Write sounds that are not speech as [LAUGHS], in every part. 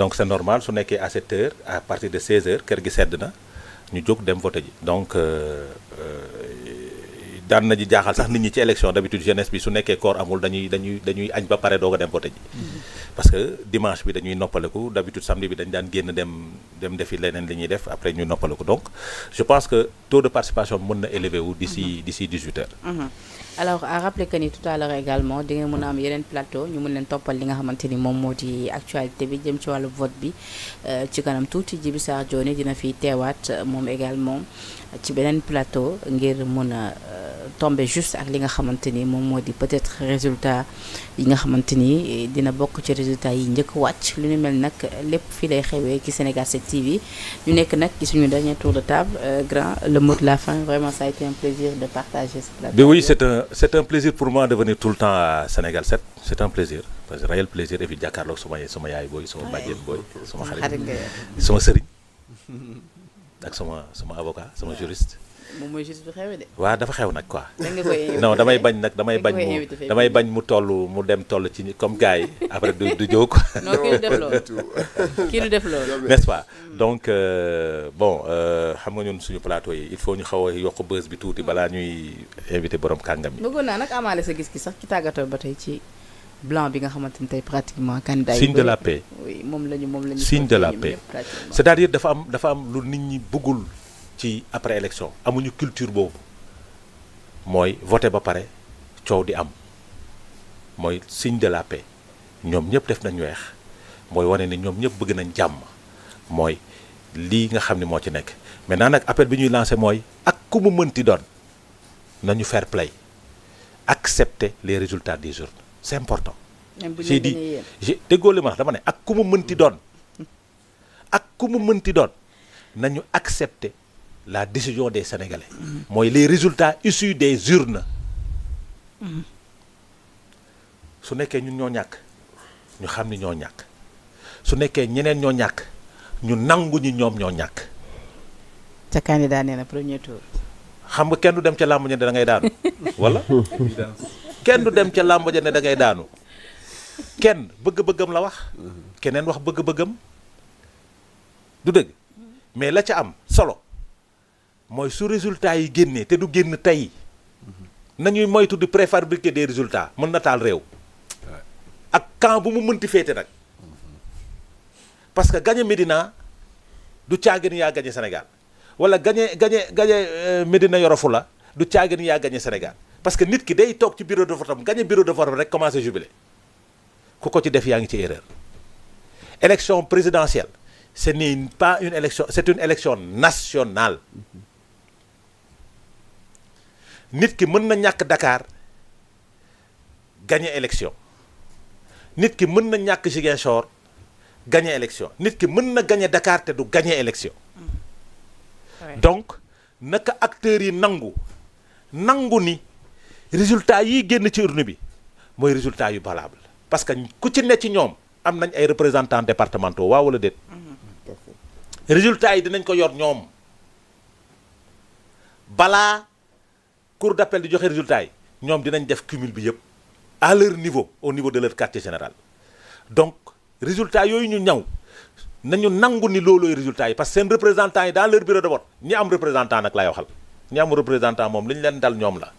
donc c' normal su nekkee à 7 à partir de 16 heures kër gi sedd na ñu jóg dem voté ji donc. Euh, euh, daan nañu jaaxal sax nit ñi ci élection d'habitude jeunesse bi su nekkee koor amul dañuy dañuy añ ba pare doog dem vote ji mm-hmm. parce que dimanche bi dañuy noppaleku d'habitude samedi bi dañ daan génn dem dem defi leneen li ñuy def après ñu noppaleku donc je pense que taux de participation mën na élevé wu d'ici mm-hmm. d'ici 18 heures mm-hmm. alors à rappeler ni tout également di mën am yeneen plateau ñu mën leen toppal li nga xamante ni moom moo di actualité tombé juste ak li nga xamante ni moom moo di peut-être résultat yi nga xamante ni dina bokk ci résultat yi njëkk wàcc lu ñu mel nag lépp fii lay xewee ci Sénégal 7 TV ñu nekk nag ci suñu dernier tour de table euh, grand le mot de la fin vraiment ça a été un plaisir de partager ce pour moi de venir tout le temps à Sénégal 7 c'est un plaisir parce que réel plaisir et puis jàkkaarloog sama sama yaay booy sama bàjjen booy sama xarit sama sëriñ ak sama sama avocat sama juriste moom mooy juste bu xew dafa xew nag quoi. non damay bañ nag damay bañ mu damay bañ mu toll mu dem toll ci ni comme gars yi après du du jóg quoi. non kii du def loolu [LAUGHS] kii du def loolu. Mm. donc euh, bon euh, xam nga ñoom suñu plateau yi il faut ñu xaw yokk bës bi tuuti balaa ñuy invité borom kàngam yi. bëggoon naa nag amaale sa gis-gis sax ci tàggatoo ba tey ci. blanc bi nga xamante ni tey pratiquement candidat yi de la paix oui moom lañu moom lañu signe de la paix c'est-à-dire dafa am dafa am lu nit ñi bëggul ci après élection amuñu culture boobu mooy voté ba pare coow di am mooy signe de la paix ñoom ñëpp def nañ weex mooy wane ni ñoom ñëpp bëgg nañ jàmm mooy lii nga xam ne moo ci nekk mais maintenant nag appel bi ñuy lancé mooy ak ku mu mënti doon nañu fair play accepter les résultats des urnes important j'ai dit dama ne ak ku mu mënti doon ak ku mu mënti doon nañu accepter la décision des Sénégalais. mooy les résultats issus des urnes. su nekkee ñun ñoo ñàkk ñu xam ni ñoo ñàkk su nekkee ñeneen ñoo ñàkk ñu nangu ñi ñoom ñoo ñàkk. sa candidat nee na premier tour. xam nga kenn du dem ca làmb ja ne da ngay daanu [LAUGHS] wala. kenn du dem ca làmb ja ne dangay daanu kenn bëgg-bëggam la wax. Mm-hmm. keneen wax bëgg-bëggam du dëgg mais la ca am solo. mooy su résultat yi génnee te du génn tey nañuy moytu di préfabriquer des résultat mën na taal réew ak camp bu mu mënti féete nag parce que gagné Médina du caagin yaa gagné Sénégal wala gagné gagné gagné euh, Médina Yoro Foulah du caagin yaa gagné Sénégal parce que nit ki day toog ci bureau de vote am gagné bureau de vote rek commencé jubilé ku ko ci def yaa ngi ci erreur élection présidentielle ce n'est pas une élection c'est une élection nationale nit ki mën na ñàkk dakaar gagné élection nit ki mën na ñàkk Ziguinchor gagné élection nit ki mën na gagné Dakar te du gagné élection donc naka acteurs yi nangu nangu ni résultat yi génn ci urne bi mooy résultat yu valable parce que ku ci ne ci ñoom am nañ ay représentants départementaux waaw wala déet mm-hmm. résultat yi dinañ ko yor ñoom balaa cour d'appel di joxe résultat yi ñoom dinañ def cumul bi yëpp à leur niveau au niveau de leur quartier général donc résultat yooyu ñu ñaw nañu nangu ni loolooy résultat yi parce que seen représentant yi dans leur bureau de vote ñi am représentant nag laay waxal ñi am représentant moom li ñu leen dal ñoom la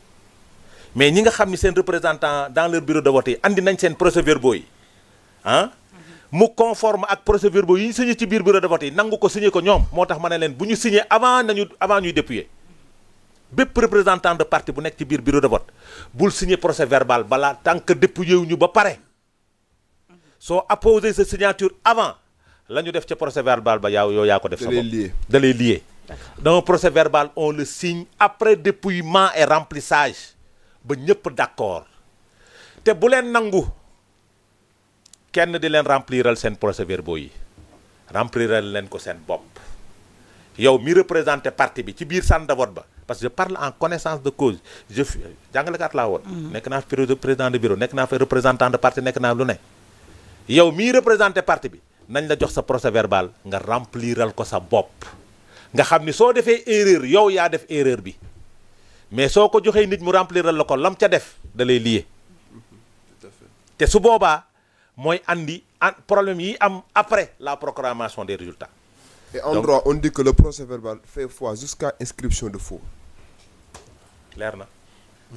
mais ñi nga xam ni seen représentant dans leur bureau de vote yi indi nañ seen procès-verbaux yi ah mu conforme ak procès-verbaux yi ñu signé ci biir bureau yi nangu ko signé ko moo tax ma ne leen bu ñu signé avant nañu ñuy dépouiller bépp représentant de parti bu nekk ci biir bureau de vote bul signer procès verbal balaa tant que député ñu ba pare soo apposé sa signature avant la ñu def ca procès verbal ba yaaw yow yaa ko def. sa bopp da lay lié. donc procès verbal on le signe après dépouillement et remplissage ba ñëpp d'accord te bu leen nangu kenn di leen rempliral seen procès verbaux yi rempliral leen ko seen bopp yow mi représenté parti bi ci biir centre de vote ba. parce que je parle en connaissance de cause je fi jàngalekat laa woon. Mhm. nekk naa fi président de bureau nekk naa fi représentant de parti nekk naa lu ne. yow mii représenté parti bi nañ la jox sa procès verbal nga rempliral ko sa bopp nga xam ni soo defee erreur yow yaa def erreur bi mais soo ko joxee nit mu rempliral la ko lam ca def da lay te su boobaa mooy andi problème yi am après la programmation des résultats. Et en Donc, le procès verbal fait foi jusqu'à inscription de faux. leer na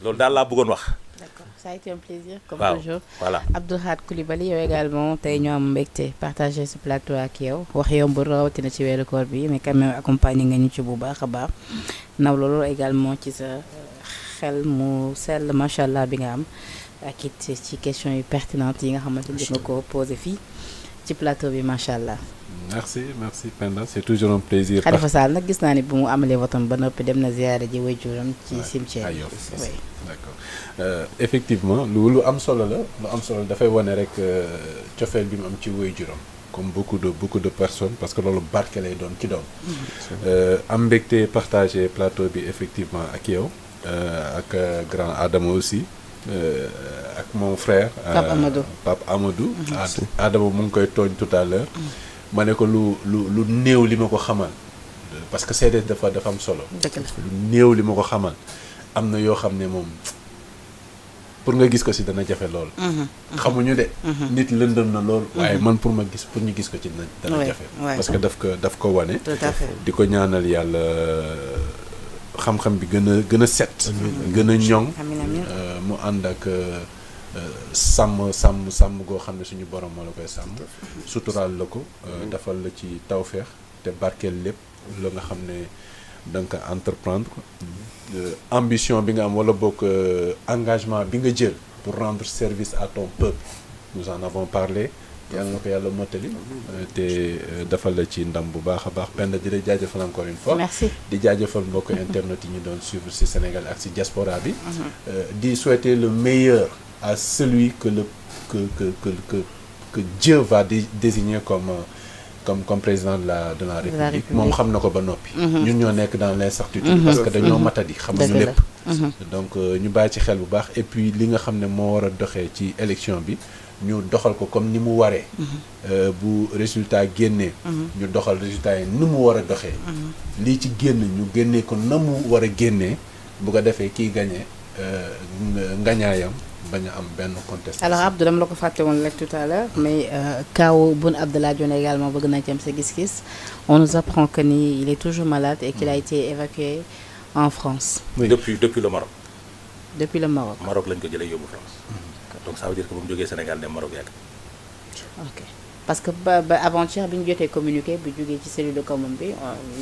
loolu daal laa bëggoon wax. d'accord ça a été un plaisir. comme wow. toujours voilà également tey ñoo am mbégte partagé ce plateau ak yow wax yombul rawatina ci weeru koor bi mais quand même accompagné nga ñu ci bu baax a baax naw loolu également ci sa xel mu sell macha allah bi nga am ak ci questions yu pertinentes yi nga xamante ni nga ko posé fii. ci plateau bi macha allah. merci merci Penda c'est toujours un plaisir. Khalifa Sall nag gis naa ni bu mu amalee wotam ba noppi dem na ziyaare ji waajuram ci cimetière bi d'accord euh, effectivement lu lu am solo la lu am solo dafay wane rek euh, cofeel bi mu am ci juróom comme beaucoup de beaucoup de personnes parce que loolu barke lay doon ci doom mm-hmm. euh, am mbégte partagé plateau bi effectivement ak yow euh, ak grand aadama aussi Euh, ak mon frère. Euh, Pape Amadou Pape Amadou. Mhm. Adama mu ngi koy tooñ tout mhm. ma ne ko lu lu lu néew li ma ko xamal. parce que CDS dafa dafa am solo. lu néew li ma ko xamal am na yoo xam ne moom pour nga gis ko si dana jafe lool. Mhm. xamuñu de. nit lëndëm na lool. waaye man pour ma gis pour ñu gis ko ci dana jafe. parce que daf ko daf ko wane. di ko ñaanal yàlla. xam-xam bi gën a gën a set gën a ñoŋ euh, mu ànd ak euh, sàmm sàmm sàmm goo xam ne suñu borom walla la koy sàmm suturaal la ko euh, defal la ci tawféex te barkeel lépp la nga xam ne da nga ko entreprendre ko ambition bi nga am wala bokk engagement bi nga jël pour rendre service à ton peuple nous en avons parlé yàlla na ko yàlla mottali euh, te euh, defal la ci ndam bu baax a baax Penda di la jaajëfal encore une fois di jaajëfal mbokk internet yi ñu doon suivre si Sénégal ak si diaspora bi mm-hmm. euh, di souhaiter le meilleur à celui que le que que que que, comme président la de la république moom xam na ko ba noppi mm-hmm. ñu ñoo nekk dans l'incertitude mm-hmm. parce que dañoo matadi xamuñu lépp donc ñu bàyyi ci xel bu baax et puis li nga xam ne moo war a doxee ci élection bi ñu doxal ko comme ni mu waree. Mhm. Euh, bu résultat génnee. Mhm. ñu doxal résultat yi ni mu war a doxee. Mhm. lii ci génn ñu génnee ko na mu war a génnee bu ko defee kiy gañee euh, ngañaayam bañ a am benn contestation. alors Abdou dama la ko fàtte woon rek tout à l'heure mais euh, Kaaw Boun Abdallah Dionne également bëgg naa ci am sa gis-gis on nous apprend que ni il est toujours malade et qu'il a mm. été évacué en France. Oui. depuis depuis le Maroc. depuis le Maroc Maroc lañ ko jëlee yóbbu France. Mm. donc ça veut dire que bu mu jógee Sénégal dem Maroc yàgg. ok parce que ba ba avant-hier bi ñu jotee communiqué bu jógee ci cellule de commune bi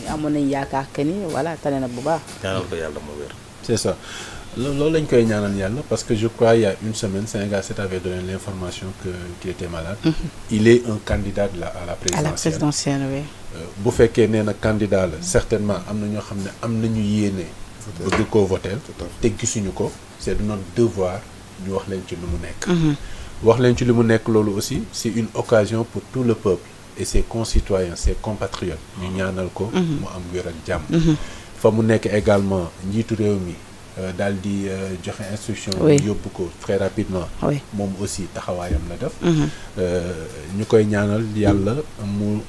amoon nañu yaakaar que ni voilà tane na bu baax. ñaanal ko yàlla moo wér. c'est ça loolu lañ koy ñaanal yàlla parce que je crois il y a une semaine Sénégal s'est avait donné l'information que qu'il malade. Mhm. il est un candidat de la à la présidentielle à la présidentielle euh, bu fekkee nee na candidat la certainement am na ñoo xam ne am na ñu bëgg koo voter te gisuñu ko c'est de notre ñu wax leen ci lu mu nekk mhm. wax leen ci lu mu nekk loolu aussi c'est une occasion pour tout le peuple et ses concitoyens ses compatriotes ñu ñaanal ko mhm. mu am wér ak jàmm mhm. fa mu nekk également njiitu réew mi euh, daal di euh, joxe instruction yóbbu ko très rapidement moom aussi taxawaayam la def euh, ñu koy ñaanal yàlla mu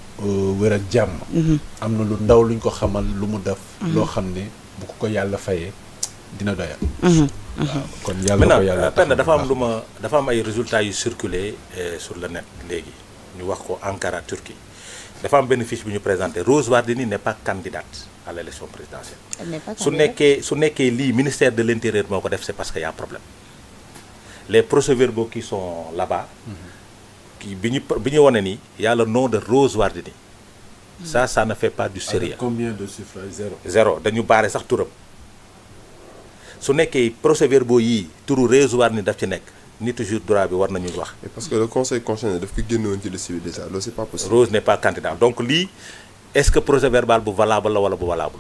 wér ak jàmm am na lu ndaw luñ ko xamal lu mu def loo xam ne bu ko ko yàlla fayee dina doyal waaw mhm. kon yàlla na ko yàlla maintenant euh, dafa am lu ma dafa am ay résultat yu circulé euh, sur le net léegi ñu wax ko Ankara Turquie dafa am bénéfice bu ñu présenté Rose Wardini n'est pas candidate à l'élection présidentielle. su nekkee su nekkee lii ministère de l'intérieur moo ko def c'est parce que y problème les procès-verbaux qui sont là-bas. kii mhm. bi ñu bi ñu wane nii yàlla a Rose Wardini. Mhm. ça ça ne fait pas du sérieux. zéro dañu baare sax turam. su nekkee procès verbaux yii turu résoudre ni daf ci nekk ni toujours droit bi war nañu wax. parce que le conseil constitutionnel daf ko génne woon ci liste bi déjà loolu c'est pas possible. Rose n'est pas candidat donc lii est-ce que procès verbal bu valable la wala bu valable.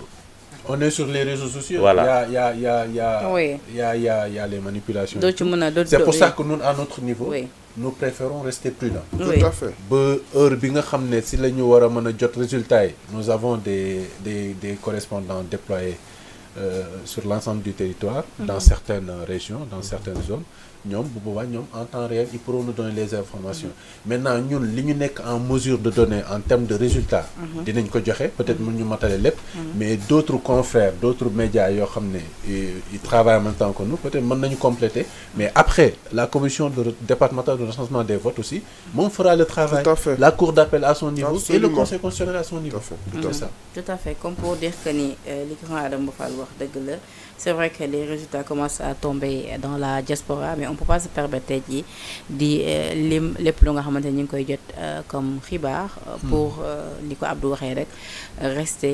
on est sur les réseaux voilà y' a les manipulations. doo ci mën a doo c'est pour ça que ñun à notre niveau. nous préférons rester prudents. tout à fait ba heure bi nga xam ne si la ñu war a mën a jot résultat yi. nous avons des des des correspondants Euh, sur l'ensemble du territoire, dans mhm. certaines régions, dans certaines zones. ñoom bu boobaa ñoom en temps réel ils pourront nous donner les informations maintenant ñun li ñu nekk en mesure de donner en termes de résultats mhm. dinañ ko joxe peut-être mhm. mën ñu matale lépp mhm. mais d'autres confrères d'autres médias yoo xam ne ils travaillent en même temps que nous peut-être mën nañu compléter mais après la commission de départementale de recensement des votes aussi moom fera le la cour d'appel à son niveau Absolument. le conseil constitutionnel à son niveau tout c'est vrai que les résultats commencent à tomber dans la diaspora mais on peut pas se permettre tey jii di euh, lépp lu nga xamante ni ñu ngi koy jot euh, comme xibaar. Euh, hmm. pour ni ko Abdou waxee rek rester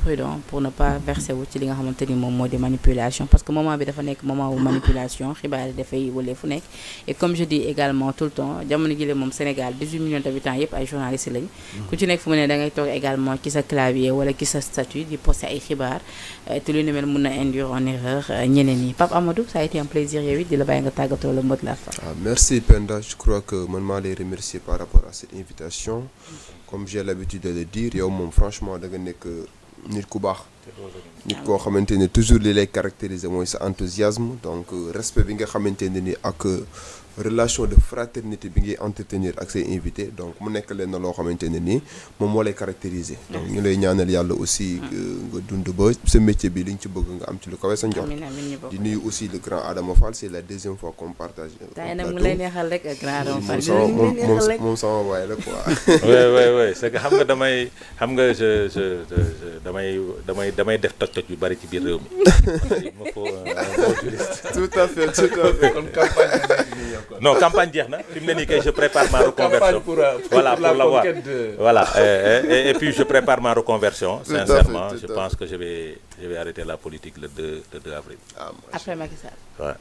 prudent pour ne pas verser wu ci li nga xamante ni moom moo di manipulation parce que moment bi dafa nekk moment wu manipulation xibaar yi dafay wëlee fu nekk et comme je dis également tout le temps jamono jii la moom Sénégal 18 millions d'habitants yëpp ay journalistes lañ. Hmm. en erreur euh, Amadou ça a été un plaisir yow it di la bàyyi nga tàggatoo le mot la fin. Ah, merci Penda je crois que man maa lay remercier par rapport à cette invitation comme j'ai l'habitude de le dire yow moom franchement da nekk euh, nit ku baax. nit koo xamante ne toujours li lay caractériser mooy sa enthousiasme donc euh, respect bi nga xamante ne ni ak. relation de fraternité bi ngay entretenir ak say invités donc mu nekk leen na loo xamante ne nii moom moo lay caractériser. donc ñu lay ñaanal yàlla aussi. Ah. Euh, nga dund ba sa métier bi li nga ci bëgg nga am ci lu kawe sa njort. di nuyu aussi le grand Adama Fall c' est la deuxième fois qu'on partage. daañu moom sama moom sama waay la quoi. [LAUGHS] oui oui oui c' est que xam nga damay xam nga damay damay damay def toj-toj yu bari ci biir réew mi. [LAUGHS] tout à fait tout à fait kon campagne non campagne jeex na fi mu ne nii kay je prépare ma reconversion euh, voilà pour l'avoir de... voilà et, et, et puis je prépare ma reconversion sincèrement je pense que je vais arrêter la politique le 2 le 2 avril ah, après Macky Sall ouais.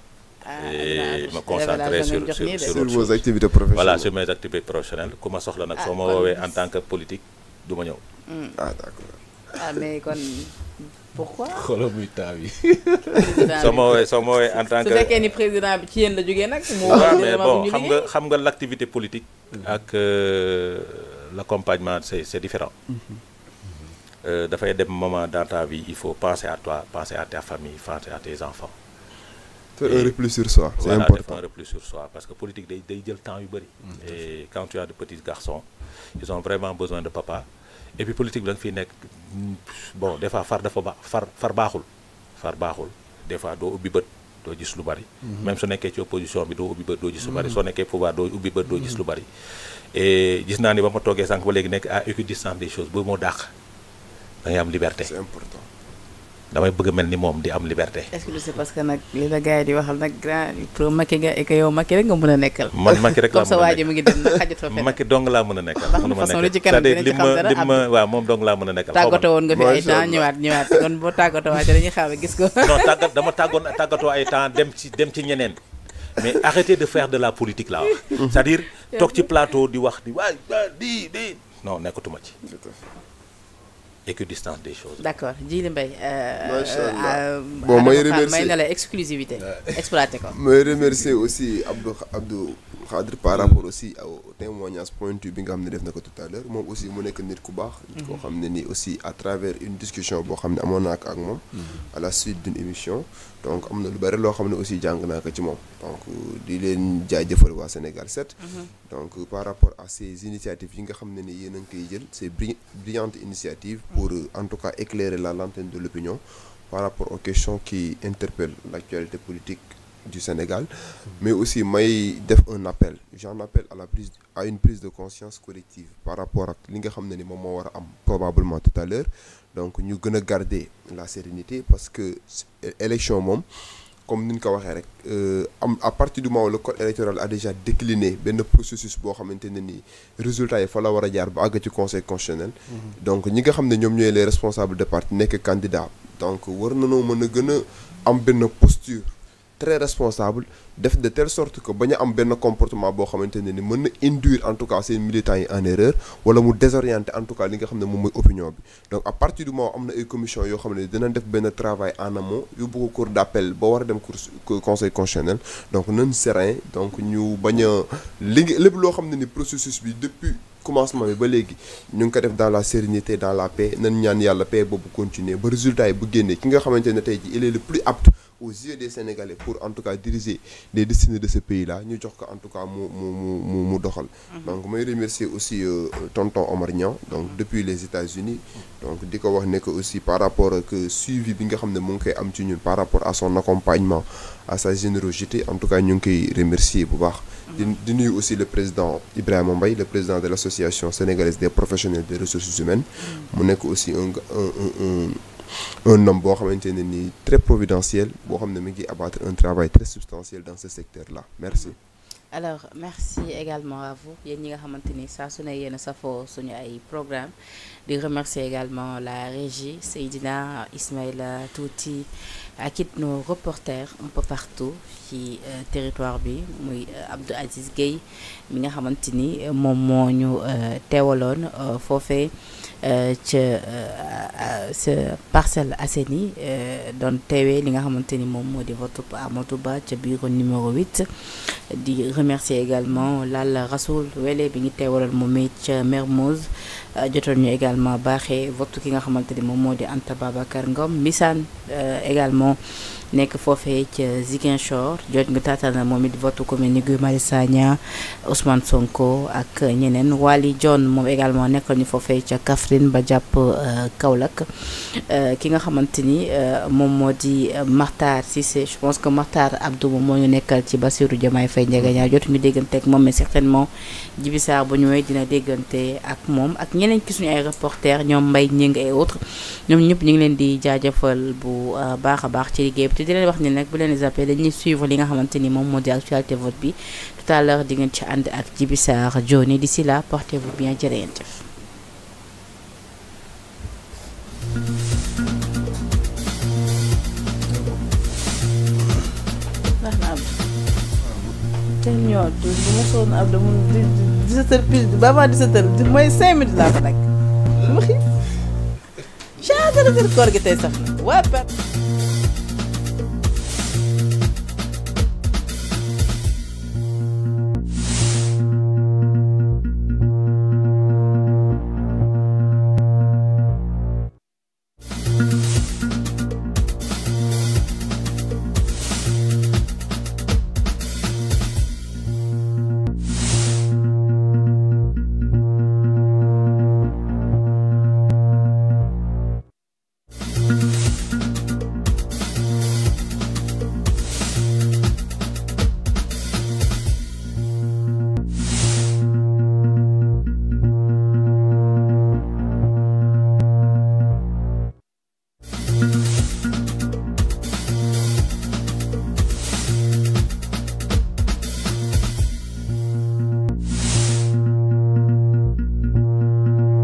ah et me concentrer sur sur activités professionnelles voilà sur mes activités professionnelles ku soxla nag ah, soo ma en tant que politique du ma ñëw. Mm. Ah, pourquoi xoolal muy taaw yi. soo ma woowee soo moo woowee tant que su fekkee ni président bi ci yéen la jógee nag. mu waaw mais xam nga xam nga l' activité politique. Mm-hmm. ak euh, l' accompagnement c' est c' est différent. Mm-hmm. Euh, dafay dem moment dans ta vie il faut penser à toi penser à ta famille penser à tes enfants. faire un sur soi c' important parce que politique day day jël temps yu bëri. Mm-hmm. et quand tu as de petits garçons ils ont vraiment besoin de papa et puis politique bi da nga fiy nekk. bon des far dafa ba far far baaxul far baaxul des fois doo ubbi bët doo gis lu bari. Mhm. même su nekkee ci opposition bi doo ubbi bët doo gis lu bari mhm. soo nekkee pouvoir doo ubbi bët doo gis mhm. lu bari. et gis naa ni ba ma toogee sànq ba léegi nekk à équidistance des choses bu moo dàq da ngay am liberté. c'est important. damay bëgg mel ni moom di am liberté. est-ce que c'est parce que nag li la gars yi di waxal nag grand pro Macky nga et yow Macky rek nga mën a nekkal. man Macky rek [LAUGHS] laa mën a nekkal ngi dem nag xajatoo fenn. Macky dong laa mën a nekkal. mënu ma nekkal c'est-à-dire li ma li ma waaw moom dong a nekkal. tàggatoo woon nga fi ay ñëwaat ñëwaat kon boo tàggatoo waate dañuy xaar gis ko. non tàggat dama tàggoon tàggatoo ay dem ci dem ci ñeneen. mais arrêtez de faire de la politique là wax mm-hmm. c'est-à-dire toog ci plateau di wax di waay di di non nekkatuma ci équidistance des choses. d'accord Djily Mbaye. Euh, euh, macha allah bon may remercier may exploité ko. [LAUGHS] may remercier aussi Abdou Abdou Khadre par rapport aussi témoignage pointu bi nga xam ne def na ko tout à l'heure moom aussi mu nekk nit ku baax nit mhm. koo xam ne ni aussi à travers une discussion boo xam ne amoon naa ko ak moom mhm. à la suite d'une émission donc am na lu bari loo xam ne aussi jàng naa ko ci moom donc di leen jaajëfal waa Sénégal 7 mhm. donc par rapport à ces initiatives yi nga xam ne ni yéen a ngi koy jël ces brillantes initiatives pour en tout cas éclairer la lanterne de l'opinion par rapport aux questions du Sénégal mais aussi may def un appel j'en appelle à la prise à une prise de conscience collective par rapport ak li nga xam ne ni moom moo war a am probablement tout à l'heure donc ñu gën a garder la sérénité parce que élection moom comme ni ñu ko waxee rek euh, am à partir du moment où le code électoral a déjà décliné benn processus boo xamante ne nii résultat yi fa la war a jaar bu àgg ci conseil constitutionnel mm-hmm. donc ñi nga xam ne ñoom ñooy les responsables de parti nekk candidat donc war nanoo mën a gën a am benn posture très responsable def de telle sorte que ba am benn comportement boo xamante ne ni mën na induire en tout cas seen militants yi en erreur wala mu désorienter en tout cas li nga xam ne moom mooy opinion bi donc à partir du moment am na ay commission yoo xam ne dinañ def benn travail en amont yóbbu ko cour d'appel ba war a dem conseil constitutionnel donc nañ serein donc ñu bañ li lépp loo xam ne ni processus bi depuis commencement bi ba léegi ñu ngi ko def dans la sérénité dans la paix ki nga xamante ne tey aux yeux des Sénégalais pour en tout cas diriger les destinées de ce pays-là ñu jox ko en tout cas mu mu mu mu doxal. Mhm. donc may remercier aussi euh, tonton Omar donc depuis les États-Unis donc di ko wax ne que aussi par rapport que suivi bi nga xam ne mu ngi koy am ci ñun par rapport à son accompagnement à sa générosité en tout cas ñu ngi koy remercier bu baax. di di nuyu aussi le président Ibrahima Mbaye le président de l' association sénégalaise des professionnels des ressources humaines. mu nekk aussi un un boo xamante ne nii très providentiel boo xam ne mi ngi abattre un travail très substantiel dans ce secteur là merci. également à vous yéen ñi nga xamante ni sa su ne sa a safoo ay programme di remercier également la régie Seydina Ismaïla Touti. ak it nos reporters un peu partout ci euh, territoire bi muy euh, Abdou Aziz Guèye mi nga xamante ni euh, moom moo ñu teewaloon foofee ca sa Parcelles Assainies doon teewee li nga xamante ni moom moo di vote Amadou Ba ca bureau numéro 8 di remercier également Lalla Rasoul Wele bi ngi teewaloon moom it ca Mermoz jotoon ñu également baaxee vote ki nga xamante ni moom moo di Anta Ngom Missane également également nekk foofee ca Ziguinchor jot nga na moom it vote ku mel ni Guy Marius Sonko ak ñeneen Waly John moom également nekkoon ñu foofee ca Kaffrine ba jàpp euh, Kaolack euh, ki nga xamante ni euh, moom moo di Makhtar Cissé je pense que Makhtar Abdou moom moo ngi nekkal ci Bassirou fay Faye Ndiaganiao jotuñu déggante ak moom mais certainement Djibi Sarr bu ñëwee dina déggante ak moom ak ñeneen ki suñu ay reporter ñoom mbay Gningue et autres ñoom ñëpp ñu ngi leen di jaajëfal bu baax a baax ci actu wax ni nag bu leen zappé dañuy suivre li nga xamante ni moom moo di actualité bi tout di ngeen ci ànd ak Djiby Sarr Dione d'ici là portez-vous bien jërëjëf te ñor du ma di 17 mooy 5 minutes laa fa nekk. ma xiif. caa dara koor gi tey sax na waa